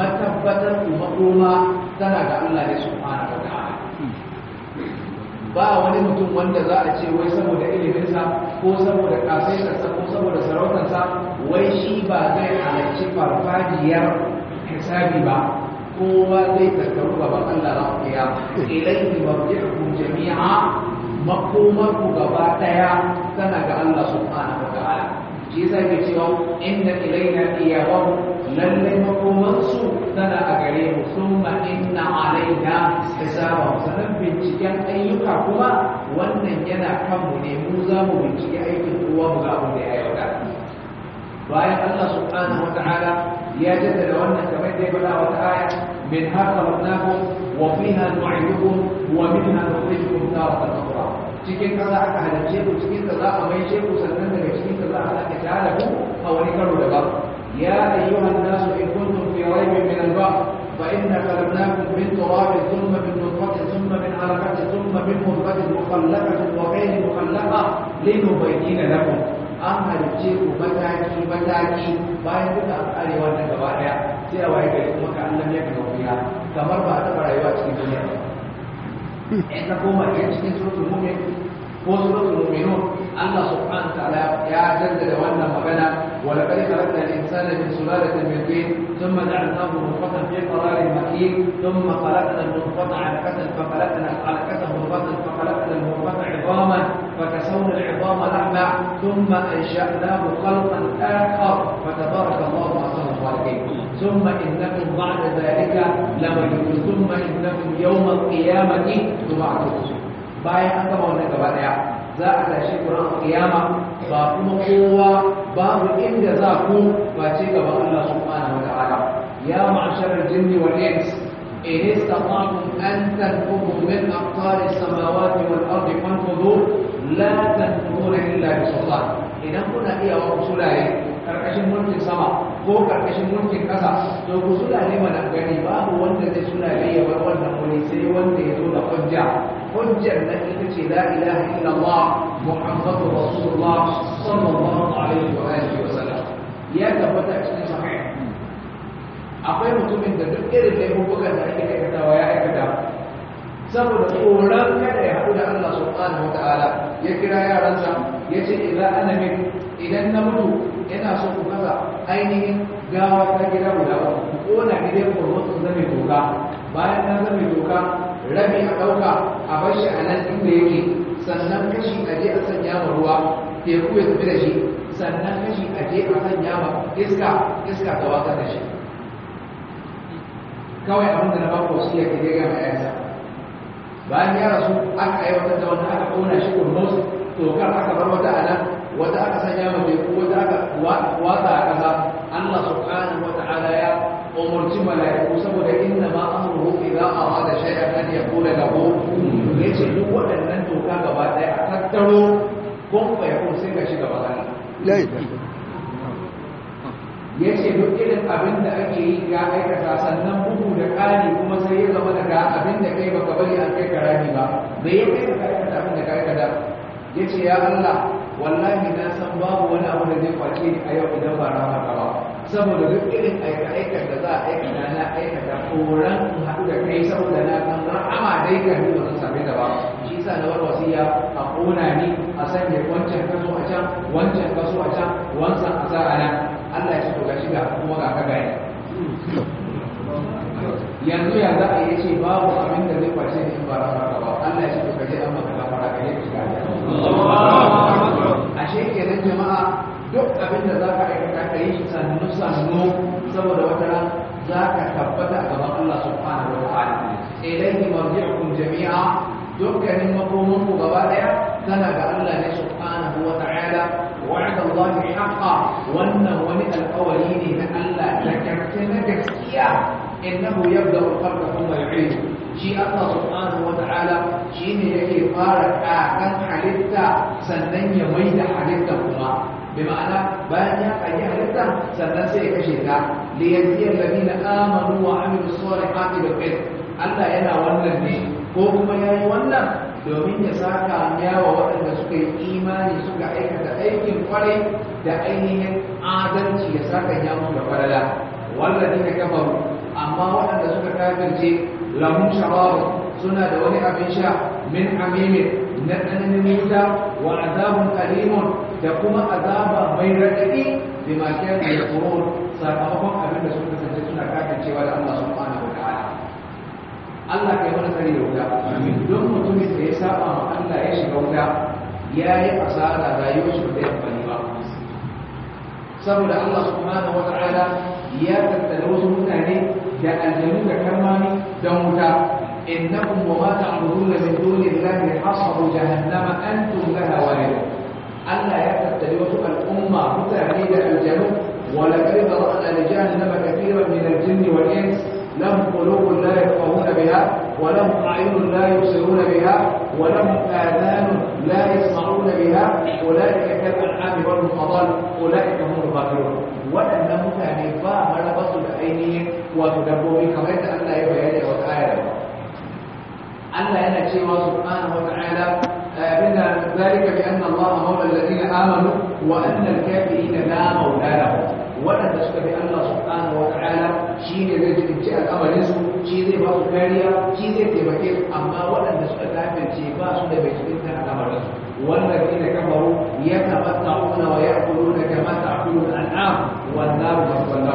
matabbatar ku makoma tana ga Allah ne fara da ta ba wani mutum wanda za a ce wai saboda iliminsa ko saboda kasaisarsa ko saboda sarautarsa wai shi ba zai halarci farfajiyar hisabi ba kowa zai tattaru gaba Allah ran kiyama ilayhi jami'a makomarku gaba daya tana ga Allah subhanahu wa ta'ala shi yasa ke cewa inna ilaina iyyahu lalle makomarsu tana a gare mu summa inna da hisabahum sanan binciken ayyuka kuma wannan yana kanmu ne mu za mu bincike aikin kowa mu za mu da ya yauka وآية الله سبحانه وتعالى يجد لو أنك بيت يقول الله تعالى منها خلقناكم وفيها نعيدكم ومنها نخرجكم دار الأخرى تكين الله أهل الشيء وتكين الله أمين شيء وسلمنا بشكين الله على كتاله أو نكره لبر يا أيها الناس إن كنتم في ريب من البر فإنا خلقناكم من تراب ثم من نطفة ثم من علقة ثم من مخلقة وغير مخلقة لنبين لكم an halice ku mataki mataki bayan duka an kare wannan gaba daya sai a waye gari kuma ka Allah ya kaga wuya kamar ba a taɓa rayuwa cikin duniya ba in ka koma ɗaya cikin suratul mu'min ko suratul mu'minun Allah subhanahu ta'ala ya jaddada wannan magana wa laqad khalaqna al-insana min sulalatin min tin thumma ja'alnahu nutfatan fi qararin makin thumma khalaqna an-nutfata 'alaqatan fa khalaqna al-'alaqata mudghatan fa khalaqna al-mudghata 'idhaman فكسونا العظام لحما ثم انشاناه خلقا اخر فتبارك الله احسن الخالقين ثم انكم بعد ذلك لميتون ثم انكم يوم القيامه تبعثون باي انت مولانا كبار يا زاد شكرا القيامه باكم قوه باب جزاكم واتيك الله سبحانه وتعالى يا معشر الجن والانس ان استطعتم ان تنفذوا من اقطار السماوات والارض فانفذوا la tanzuruna illa bi sultan idan kuna iya wa sulaye karkashin mulkin sama ko karkashin mulkin kasa to ku sulale mana gani babu wanda zai suna ya bar wannan wani sai wanda ya zo da hujja hujjar nan ita ce la ilaha allah muhammadu rasulullah sallallahu alaihi wa alihi wa sallam ya tabbata cikin sahih akwai mutumin da duk irin laifukan da ake aikatawa ya aikata saboda tsoron kada ya haɗu da Allah subhanahu wa ta'ala ya kira yaransa ya ce ila ana min idan na mutu yana so ku kaza ainihin gawa ta gida guda ku kona gidan kurmutsun zame doka bayan na zame doka rabi a ɗauka a bar shi a nan inda yake sannan kashi a je a sanya ma ruwa teku ya tafi da shi sannan kashi a je a sanya ma iska iska ta wata da shi kawai abin da na ba ku wasu ya kire bayan ya rasu aka aiwatar da aka kona shi kurmus tokar aka bar wata a wata aka sanya mai wata aka watsa a ƙasa allah subhanahu wata ta'ala ya umarci mala'iku saboda inna ma amruhu idza arada shay'an an yaqula lahu yace duk waɗannan toka gaba ɗaya a tattaro kun fa yakun sai ka shi gaba ɗaya ya ce duk irin abin da ake yi ya aikata sannan bugu da kari kuma sai ya zama da ga abin da kai baka bari an kai ka ba bai ya kai ka aikata abin da ka kada ya ce ya Allah wallahi na san babu wani abu da zai kwace ni a yau idan ba rama ka ba saboda duk irin aikata aikar da za a aikata na aikata koran in haɗu da kai saboda na kan rama dai ga yi ba same da ba shi sa na wani wasiya a kona ni a sanya wancan kaso a can wancan kaso a can wancan a sa nan Allah ya ce to gashi ga kuma ga ka gaya yanzu ya za a yi ce babu abin da zai kwace ni ba rafa ba Allah ya ce to kaje an maka gafara ka yi shiga ashe nan jama'a duk abin da za ka aikata ka yi sannu sannu saboda wata ran za ka tabbata a Allah subhanahu wa ta'ala ilayhi marji'ukum jami'a dukkanin makomanku gaba daya Kana ga Allah ne subhanahu wa ta'ala wa'ada Allah bi haqqa wannan wani alƙawari ne na Allah da gaske na gaskiya innahu yabda al-khalqa thumma yu'idu shi Allah subhanahu Shi ne shine yake fara kakan halitta sannan ya mai da halitta kuma bi ma'ana bayan ya kaji halitta sannan sai ya kashe ta liyaziyar ladina amanu wa amilus salihati bil qist Allah yana wannan ne ko kuma ya yi wannan domin ya saka yawa waɗanda suka yi imani suka aikata aikin kwarai da ainihin adalci ya saka ya musu da wanda ne na gaba amma waɗanda suka kafirce lamun sharabu suna da wani abin sha min amimin na ɗananin wuta wa azabun alimun da kuma azaba mai raɗaɗi bi da ya da sakamakon abin da suka kasance suna kafircewa da Allah subhanahu Allah kai mana sani da wuta don mutumin da ya saba ma Allah ya shiga wuta ya yi asara rayuwar shi da ba saboda Allah da wa ala, ya tattala wasu mutane da aljanu da karmami don wuta innakum wa ma ta'buduna min dunillahi hasabu jahannama antum laha warid Allah ya tattali wasu al'umma mutane da aljanu ولقد ضرأنا لجهنم كثيرا من الجن والإنس لهم قلوب لا يفقهون بها ولهم اعين لا يبصرون بها ولهم آذان لا يسمعون بها أولئك كالأنعام بل أضل أولئك هم الغافلون وأنهم كان يفاهم على بصر بعينهم وتدبرهم كما يتأنى بيده وتعالى ألا أن شيء سبحانه وتعالى آه، من ذلك بأن الله مولى الذين آمنوا وأن الكافرين لا مولى لهم ولا تشك بأن الله سبحانه وتعالى shi ne zai jibinci al'amarinsu shi zai ba su kariya shi zai taimake su amma waɗanda suka kafirce ba su da bai jibinta al'amarinsu wannan ne da kamaru ya kamata kuna wa ya kuru da kuru da al'am wannan maswala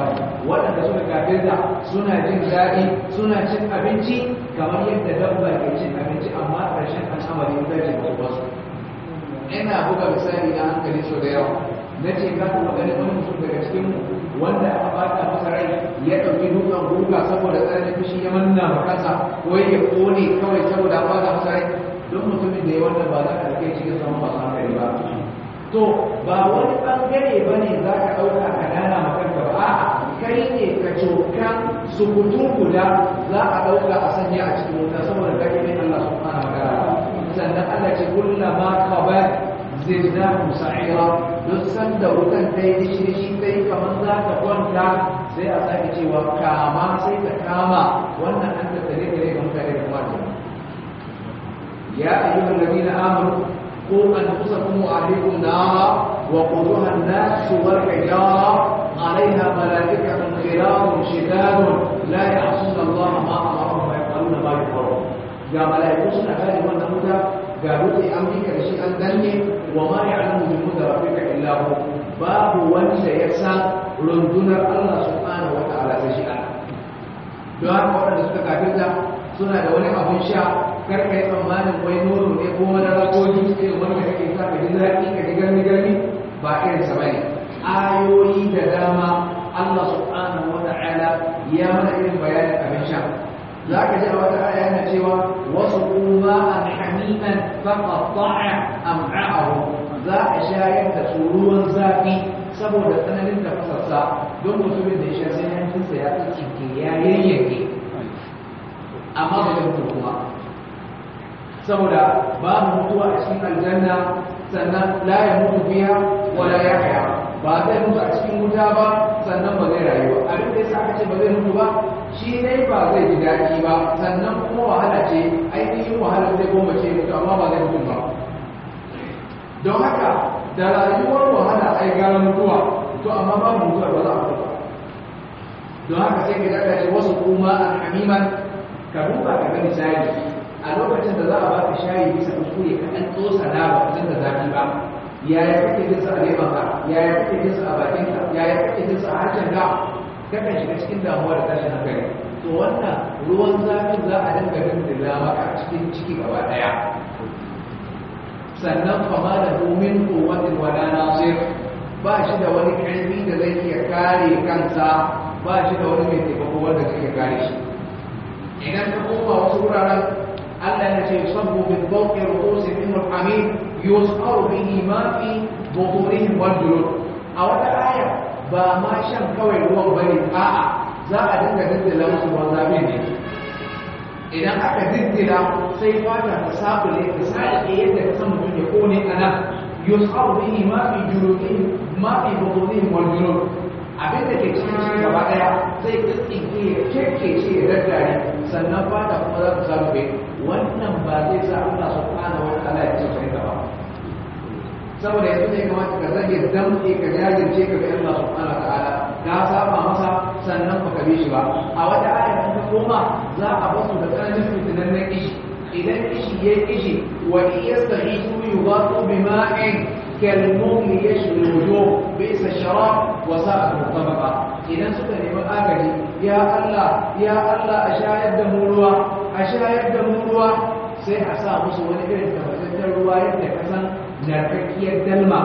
waɗanda suka kafirta suna jin daɗi suna cin abinci kamar yadda dabba ke cin abinci amma ƙarshen al'amari ta ce ba su ina buga misali a hankali sau da yawa na ce ka kuma ganin wani mutum daga cikin mu wanda aka bata masa rai ya ɗauki dukan guga saboda tsananin fushi ya manna ma kansa ko ya kone kawai saboda an bata masa rai duk mutumin da ya wanda ba za ka rike shi ya ba sa kai ba to ba wani bangare ba ne za ka ɗauka ka dana ma kanka ba kai ne ka coka sukutun guda za a ɗauka a sanya a cikin wuta saboda kai ne Allah subhanahu wa gara? sannan Allah ce kullama khabar zidnahum sa'ira duk sanda wutan ta yi shiri sai kamar za ka kwanta sai a sake cewa kama sai ta kama wannan an ta tsare tsare kan kare da kwanta ya ayyuhan ladina amanu qu anfusakum wa ahlikum nara wa quduha an-nas wal hijara عليها ملائكة غلاظ شداد لا يعصون الله ما أمرهم ويفعلون ما يؤمرون. يا ملائكة سنة هذه والنموذج ga dutse an bi karshe an danne wa ma ya'lamu da rabbika illa hu babu wanda ya san rundunar Allah subhanahu wa ta'ala ta don haka waɗanda suka kafirta suna da wani abin sha karka yi tsammanin wai nono ne ko wani ragoji ne wanda kake sa ka ji zafi ka ji garmi garmi ba irin sa bane ayoyi da dama Allah subhanahu wa ya mana irin bayanin abin sha za ka ji a wata aya yana cewa wasu kuma an hamiman faƙaƙa'a am'a'ahu za a shayar da su zafi saboda tsananin da fasassa don mutumin da shi sha sai hancinsa ya tsinke ya yayyanke amma kuma saboda babu mutuwa a cikin aljanna sannan la ya mutu biya wala ya haya ba zai mutu a cikin wuta ba sannan ba zai rayu ba abin da yasa ake ce ba zai mutu ba shi ne ba zai ji daɗi ba sannan kuma wahala ce ainihin wahala zai goma ce mutu amma ba zai mutu ba don haka da rayuwar wahala ai gara mutuwa to amma ba mutuwa ba za a mutu ba don haka sai ka daga ce wasu kuma a hamiman ka duba ka gani shayi a lokacin da za a ka shayi bisa kuskure ka ɗan tsosa da ba da zafi ba yaya kake jinsa a lebanka yaya kake jinsa a bakinka yaya kake jinsa a harcenka kakan shiga cikin damuwa da tashin hankali to wannan ruwan zafin za a dinga dindila a cikin ciki gaba daya sannan fama da domin kowatin wala nasir ba shi da wani ƙarfi da zai iya kare kansa ba shi da wani mai taimako wanda zai iya kare shi idan ka koma wasu wuraren Allah ya ce sabu bin bauƙin rukusin imul amin yus'aru bihi ma fi dhuhurihim wa a wata aya ba ma shan kawai ruwan bane a'a za a dinga diddila musu wanzami ne idan aka diddila sai fata ta sabule ta ke yadda ka san mutum ya kone a nan yus'aru bihi ma fi jurubihim ma fi dhuhurihim wa abin da ke cikin shi gaba daya zai tsitsinke ya ce ya daddare sannan fata kuma za ta samu bai wannan ba zai sa Allah subhanahu wani ta'ala ya ce saboda yanzu ne kamata ka zage damɗe ka jajirce ka bi Allah subhanahu ta'ala ka saba masa sannan baka bi shi ba a wata ayar ta koma za a ba su da tsananin fitinan na kishi idan kishi ya kishi wa yastahisu yubatu bima'in kalmum yashmi wujuh bisa sharab wa sa'at mutabaqa idan suka nemi agaji ya Allah ya Allah a shayar da mu ruwa a shayar da mu ruwa sai a sa musu wani irin tabbatar ruwa yadda ka san narkakkiyar dalma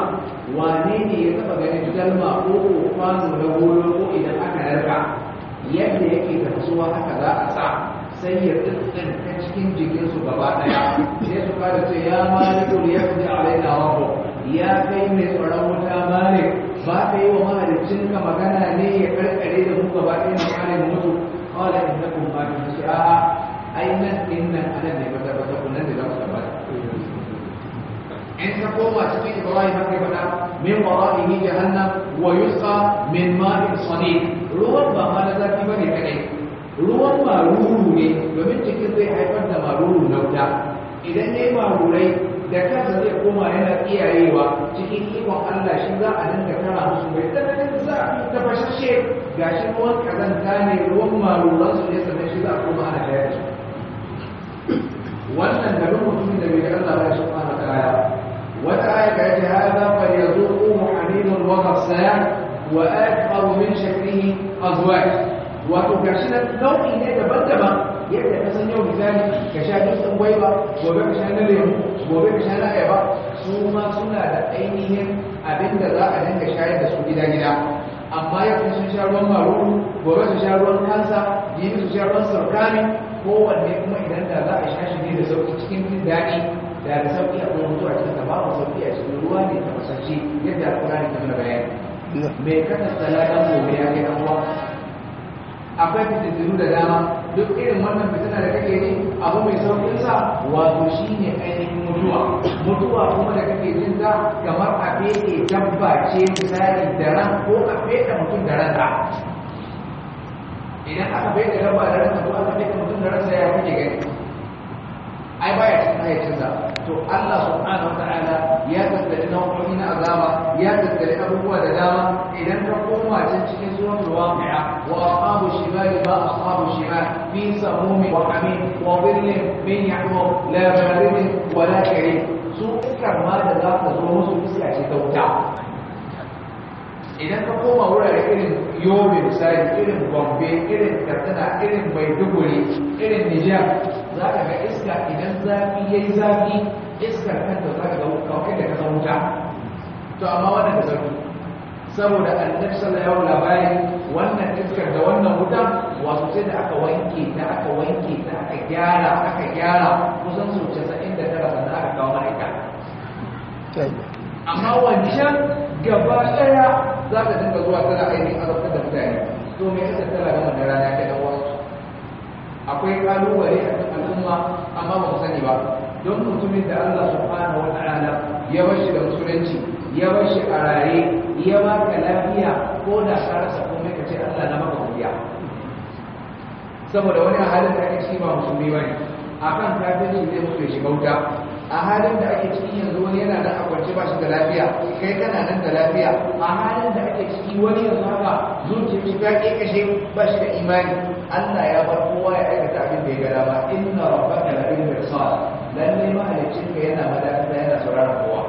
wane ne ya taba ganin dalma ko ko kwano na goro ko idan aka narka yadda yake kasuwa haka za a sa sai ya tsintsin ta cikin jikinsu gaba daya sai su fara ce ya malikul ya fi da wako ya kai mai tsoron wuta malik ba ka yi wa mahalicin ka magana ne ya karkare da mu gaba daya na kare mutu kawai da kuma ba ki a ai nan a nan ne ba ta ba ta kunan da za su tabbata in ka koma cikin ibrahim haka faɗa min wara'ihi jahannam wa yusqa min ma'in sadiq ruwan ba ma na zafi bane kadai ruwan maruru ne domin cikin zai haifar da maruru na wuta idan ne marurai da kansa zai koma yana tsiyayewa cikin ikon Allah shi za a nan kara musu mai tsananin zafi ta fashashe gashi ruwan kazanta ne ruwan maruransu ne sannan shi za a koma ana shayar da su wannan garin mutumin da bai da Allah ba shi kwana kaya وتعالى هذا قد يذوق حنين الوتر سلام واكثر من شكله ازواج وتكاشف لو ان يتبدب يبدا مثلا يوم ثاني كشاب يسمى بيضا اليوم وبيك ايضا ثم سنة لأينهم أبين دراء أبين كشاية تسوكي دا جدا أما يكون سنشار وان مارون وبيك كانسا يبين سنشار سركاني هو أن يكون إذا دراء شاشة دي دسوكي تكين da da sauki kuma mutuwa cikin ta babu sauki a cikin ruwa ne ta masashe yadda alkurani ta mana bayani mai kasa saladan gobe ya kai dan uwa akwai fitintunu da dama duk irin wannan fitina da kake ji abu mai saukin sa Wa wato shine ainihin mutuwa mutuwa kuma da kake jin ta kamar a fete dabba ce misali da ran ko a fete mutum da ransa idan aka fete dabba da ransa ko aka fete mutum da ransa ya kuke gani ai baya cikin hayyacinsa to Allah subhanahu wataala ya tattali nau'o'i na azaba ya tattali abubuwa da dama idan ka koma can cikin suwan maya, wa aqabu shibal ba aqabu shibal fi samumi wa hamim wa dhillin min yahmum la wa la su ma da za ka zo musu iska ce ta wuta idan ka koma wurare irin yobe misali irin gombe irin katsina irin maiduguri irin nijar za ka ga iska idan zafi ya yi zafi kan da za ka ga kawai da kasar wuta to amma wannan da zafi saboda annabi sallallahu yawon labari wannan iskar da wannan wuta wasu sai da aka wanke ta aka wanke ta aka gyara aka gyara kusan sau 99 sannan aka kawo mana ita amma wancan gaba ɗaya za ta dinga zuwa tana ainihin azabtar da mutane to me yasa tana da wannan rana ta dawo akwai kalubale a cikin al'umma amma ba mu sani ba don mutumin da Allah subhanahu ta'ala ya bashi da musulunci ya bashi shi a raye ya ba ka lafiya ko da ka rasa komai ka ce Allah na maka godiya saboda wani halin da ake shi ba musulmi bane akan kafirci zai mutu shi bauta a halin da ake ciki yanzu wani yana nan akwance ba shi da lafiya kai kana nan da lafiya a halin da ake ciki wani yanzu haka zuciya shi ta ke kashe ba shi da imani Allah ya bar kowa ya aikata abin da ya gada ba inna rabbaka la bil mirsal ne mahaliccin ka yana da yana saurara kowa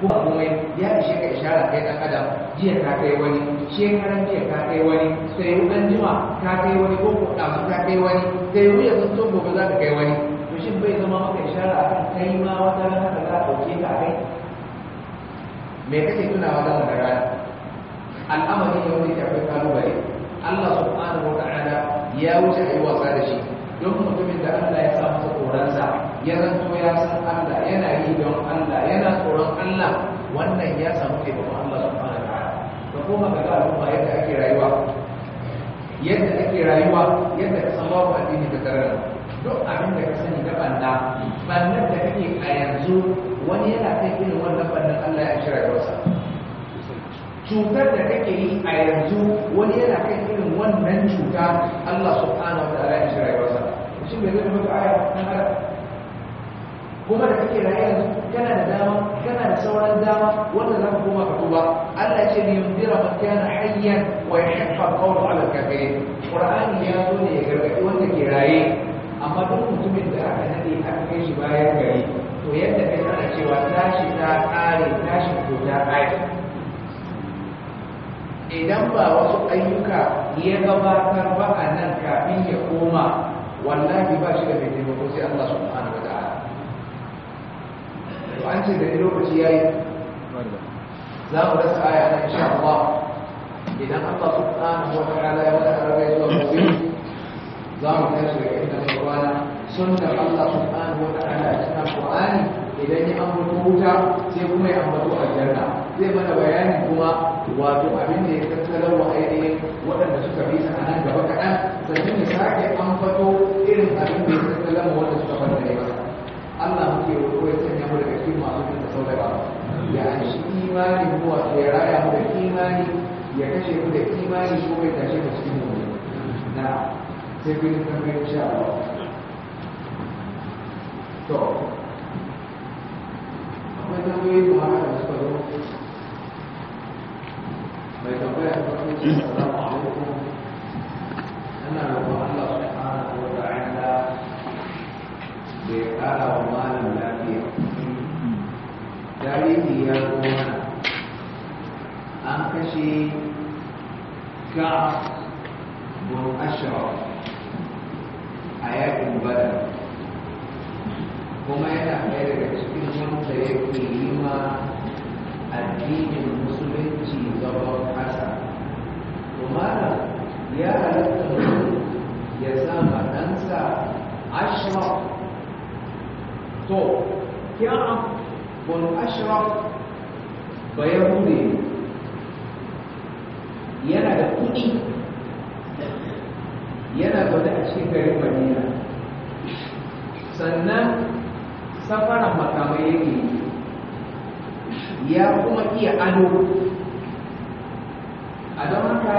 kuma kuma ya ishe ka ishara kai dan adam jiya ka kai wani shekaran jiya ka kai wani sai dan jima ka kai wani ko ko ka kai wani sai wuya sun gobe za ka kai wani shi bai zama maka ishara a kan kai ma wata rana da za a ɗauke ka kai me kake tunawa da rana da al'amari ne wani ke akwai kalubale Allah subhanahu wa ta'ala ya wuce a yi wasa da shi don mutumin da Allah ya sa masa tsoronsa ya zanto ya san Allah yana yi don Allah yana tsoron Allah wannan ya samu taimakon Allah subhanahu wa ta'ala ka koma ka ga al'umma yadda ake rayuwa yadda ake rayuwa yadda ka san babu addini da karara duk abin da ka sani na banda bannan da kake a yanzu wani yana kai irin wannan bannan Allah ya shirya wasa cutar da kake yi a yanzu wani yana kai irin wannan cuta Allah subhanahu wa ta'ala ya shirya wasa shi bai zai maka aya na kada kuma da kake raye yanzu kana da dama kana da sauran dama wanda za ka koma ka tuba Allah ce ne yundira man kana hayyan wa yahfa qawlu ala kafirin qur'ani ya zo ne ya gargadi wanda ke raye amma duk mutumin da aka nade aka kai shi bayan gari to yadda kai ana cewa tashi ta kare tashi ko ta ƙare idan ba wasu ayyuka ya gabatar ba a nan kafin ya koma wallahi ba shi da mai taimako sai Allah subhanahu wa ta'ala to an ce da lokaci yayi za mu rasa aya na insha Allah idan Allah subhanahu wa ta'ala ya wada arabai zuwa gobe za mu tashi daga walwala sunnar Allah subhanahu wa ta'ala a cikin Qur'ani idan ya ambato wuta sai kuma ya ambato aljanna zai mana bayani kuma wato abin da ya tattalar wa ainihin waɗanda suka bi sa a nan gaba kaɗan sannan ya sake ambato irin abin da ya tattalar wa wanda suka fara a masa Allah muke roƙo ya sanya mu daga cikin masu da ya shi imani mu wato ya raya mu da imani ya kashe mu da imani ko ya tashe mu cikin mu سبيل الله إن شاء الله تو أنا أريد أن أسأل بيت الله السلام عليكم أنا أبغى الله سبحانه وتعالى بقال ومال لافية dari dia rumah angka si Ka'ab a yakin kuma yana ɗaya daga cikin wanda yake yi ma addinin musulunci gaban ƙasa kuma ya halatta ya zama ɗansa ashraf to kyan wani ashraf bayan ne yana da kuɗi yana gwada a cikin garin madina sannan safaran makamai yake ya kuma iya ado a don haka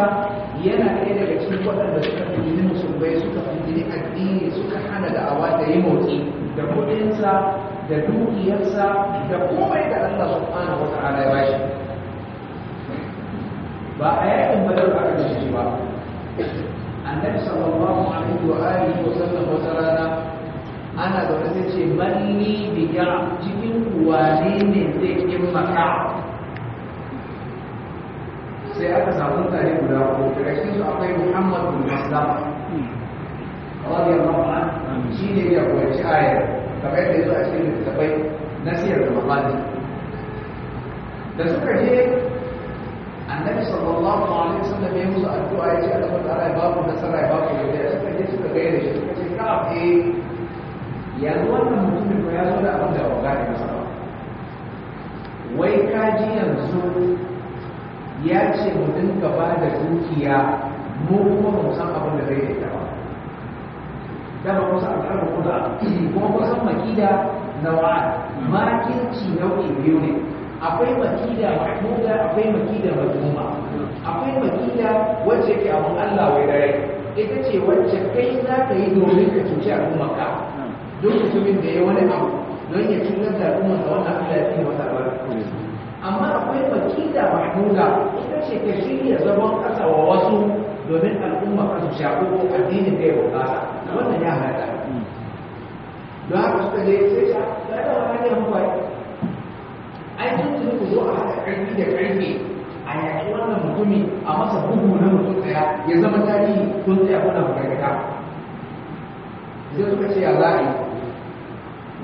yana ɗaya daga cikin waɗanda suka fi jini musulmai suka fi jini addini suka hana da awa da yi motsi da kudinsa, da dukiyarsa da komai da Allah subhanahu wa ta'ala ya bashi ba a yakin badar aka kashe ba annabi sallallahu alaihi wa alihi wa sallam wata rana ana da wani ce manni ga cikin wane ne zai maka sai aka samu tare guda ko daga cikin su akwai Muhammad bin Maslam an anhu ne ya koyi ayar kamar yadda yazo a cikin littafai nasiyar Ramadan da suka je annabi sallallahu alaihi wasallam ya musu addu'a ya ce Allah ta'ala ya babu da ya babu yadda suka je suka gaida shi suka ce ka eh yanzu wannan mutumin ko ya zo da abin da ba gane masa ba wai ji yanzu ya ce mu dinga ba da dukiya mu kuma ba mu san abin da zai da ba da ba kusa alƙarar kuma kuma kusan makida na wa'a makirci nau'i biyu ne akwai makida mahmuda akwai makida majuma akwai makida wacce ke abun Allah wai dare ita ce wacce kai za ka yi domin ka cuci al'ummarka don mutumin da ya wani abu don ya cutar da al'ummarka wannan Allah ya fi masa amma akwai makida mahmuda ita ce ka shirya zaman kasa wa wasu domin al'umma ka cuci shafi ko addinin kai wa kasa wannan ya halatta don haka suka je sai ta da wani hanyar mafai zo a haɗa ƙarfi da ƙarfi a yaƙi wannan mutumi a masa bugu na mutum ɗaya ya zama tarihi kun tsaya kuna magargada zai suka ce ya za'a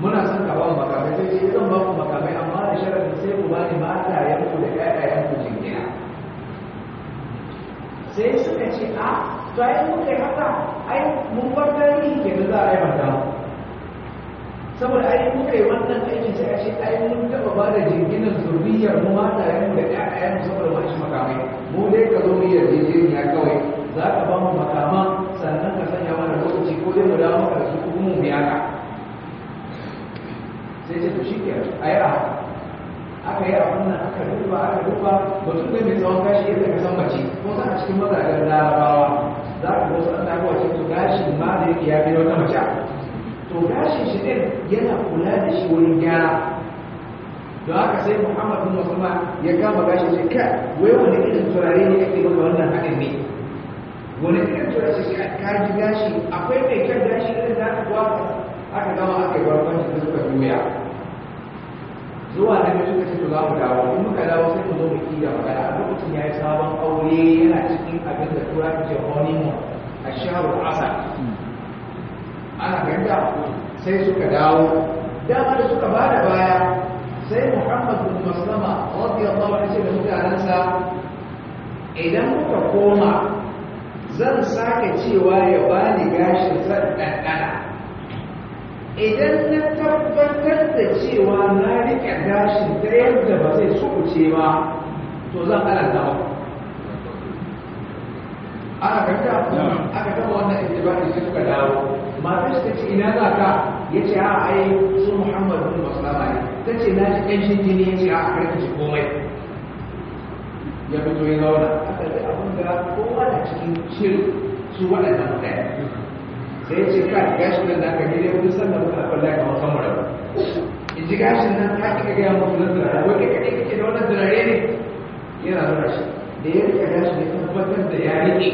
muna son ka ba mu makamai sai ce zan ba ku makamai amma da sharadin sai ku ba ni mata ya ku da ƴaƴayen ku jingina sai suka ce a ah, to ai yi haka ai mun bar tarihi ke da za a yi mu saboda ai muka yi wannan aikin sai ashe ai mun taba ba da jirginin zuriyar mu ma da yayin da ƴaƴan saboda ma shi makamai mu dai ka zo mu ya kawai za ka ba mu makama sannan ka sanya mana lokaci ko dai mu dawo ka su kuma mu biya sai ce to shi ke yi a aka yi abin nan aka duba aka duba mutum da mai tsawon gashi yadda ka san mace ko sa a cikin mazajen larabawa za ka zo san dagowa cikin gashi ma da yake ya biyo ta mace to gashin shi ɗin yana kula da shi wurin gyara da aka sai muhammad bin musulman ya kama gashin shi kai wai wani irin turare ne ake maka wannan haɗin ne wani irin turare shi a kaji gashi akwai mai kyan gashi irin da aka aka gama aka yi barbanci da suka juya zuwa na biyu suka ce to za mu dawo in muka dawo sai mu zo mu kiyaye magana a lokacin ya yi sabon aure yana cikin abin da tura ke honeymoon a shahar asa ana ganda sai suka dawo dama da suka ba da baya sai muhammad bin maslama radiyallahu anhu ce da mutanensa idan kuka koma zan sake cewa ya bani gashin zan ɗanɗana idan na tabbatar da cewa na riƙe gashin ta yadda ba zai sukuce ba to zan alanta ba ana ganda aka kama wannan itibari sai suka dawo matar ta ce ina za ka ya ce a ai su muhammad bin maslama ne ta ce na ji ƙanshin jini ya ce a karki ci komai ya fito ya zauna aka da abin da kowa da cikin shirin su waɗannan mutane sai ya ce ka gashi nan da aka gida wani sannan muka kwalla kamar kamar ba in ji gashin nan ta kika gaya muku na turare wani kaɗai kake da wannan turare ne yana zura shi da ya rika gashi ne tabbatar da ya riƙe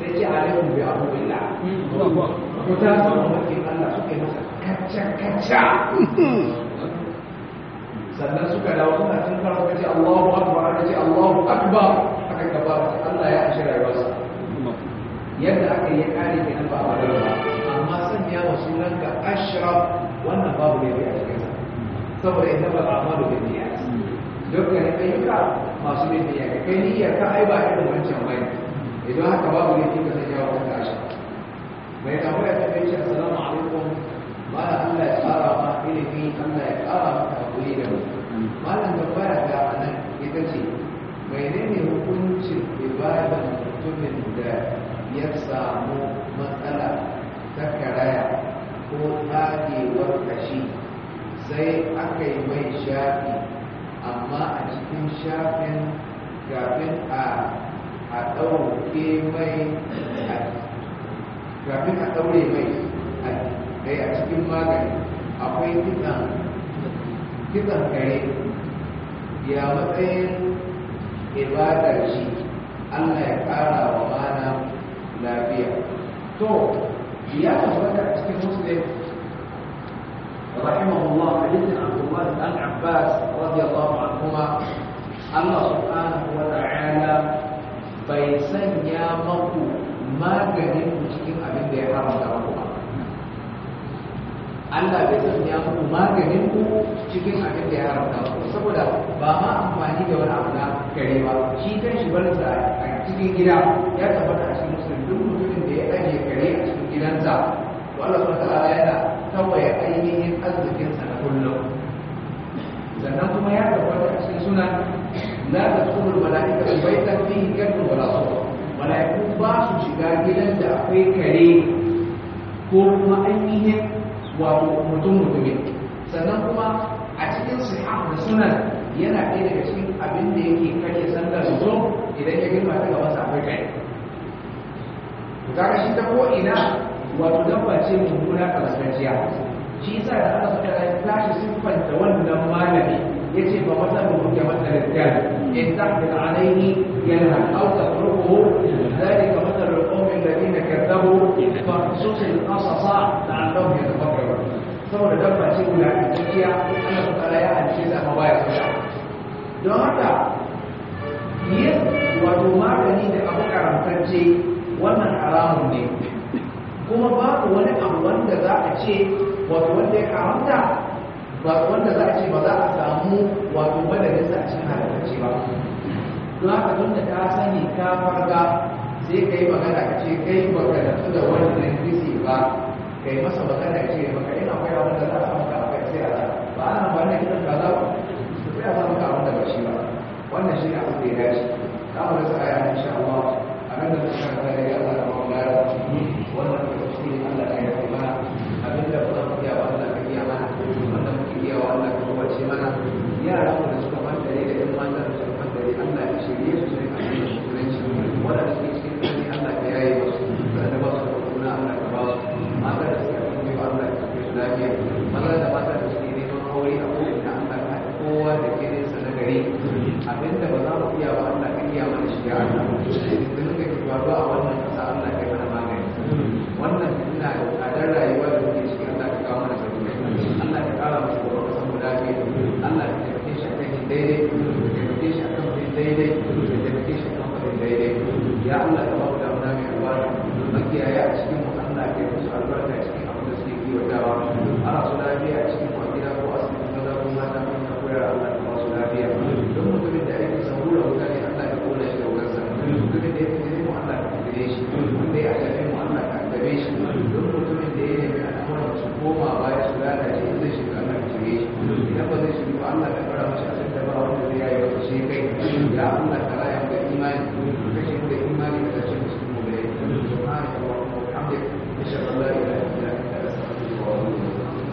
sai ce alaikum bi abubuwan ko ta samu mulkin Allah suke masa kacca-kacca sannan suka dawo suna cin karo ka ce Allahu Akbar ka ce Allahu Akbar aka gaba Allah ya ashe rayuwarsa yadda aka yi kare ke nan ba a wadar ba amma sanya wa sunan ka ashraf wannan babu ne a cikin saboda ita ba a malu da niyya dukkan ayyuka masu ne niyya ka kai niyya ka ai ba irin wancan bai idan haka babu ne kika sanya wa kanka ashraf mai tambaya ta kai assalamu alaikum da Allah ya tsara ma ilimi Allah ya da mu malam ita ce hukuncin mutumin da ya samu matsala ta karaya ko tsagewar kashi sai aka yi mai shafi amma a cikin shafin kafin a ɗauke mai kafin a daure mai a a cikin magani akwai kitsan kitsan kare ya matsayin ibadar shi allah ya kara wa mana lafiya to ya tabbata cikin muslim رحمه الله حديث عبد الله بن عباس رضي الله عنهما الله سبحانه وتعالى bai sanya maku maganin cikin abin da ya haramta da ba Allah bai ya ku maganin ku cikin abin da ya haramta muku saboda ba ma amfani da wani abu na kare ba shi kan shi barin sa a cikin gida ya tabbata a cikin musulmi duk mutumin da ya ajiye kare a cikin gidansa wala Allah subhanahu ta'ala yana tawaye ainihin arzikin sa na kullum sannan kuma ya tabbata a cikin sunan da tsohon malaikatu baytan fihi kadhun wala tsohon malaikun ba su shiga gidan da akwai kare ko kuma ainihin wato mutum mutumin sannan kuma a cikin sahih da sunan yana ɗaya daga cikin abin da yake karya sallar zo idan ya girma daga masa akwai kare kaga shi ta ko ina wato dabba ce mummuna kasanciya shi yasa da Allah ta tashi siffanta wannan malami يجب مثلا بمجة مثلا الجانب إن تحمل عليه جانب أو تتركه ذلك مثل الأم الذين كذبوا فخصوص القصص لعلهم يتفكرون ثم لدفع سيكون لها الجزية أنا كنت عليها الجزء مبايا فيها دوارتا يد ودوما بنيت أبو كرم فنجي ومن حرام منك كما بعد ولك أبوان دا دا أجي ودوان دا ba wanda za a ce ba za a samu wato madadinsa a cikin halarci ba don haka tun da ka sani ka farga sai ka yi magana ka ce kai ba ka nasu da wani risi ba ka yi masa magana ka ce ba maka yin akwai abin da za a samu ka kai sai a za ba a ana ba na kitan kaza ba sai a samu ka abin da ba shi ba wannan shi ne abin da ya dace za mu rasa aya insha Allah a nan da su kare ya Allah ka mamu gara wannan da su Allah ya yi kuma abin da ba bana yara wanda suka fantare da yan mata da suka fantare Allah ya shirye su sai a cikin musulunci wanda suke cikin kani Allah ya yaye wasu da ba su da kuna Allah ya ba su mata da suke fantare ba Allah ya suke su lafiya maza da mata da suke neman aure a kowane Allah ya haɗa kowa da gidansa na gari abinda ba za mu iya ba Allah kan iya mana shi Allah a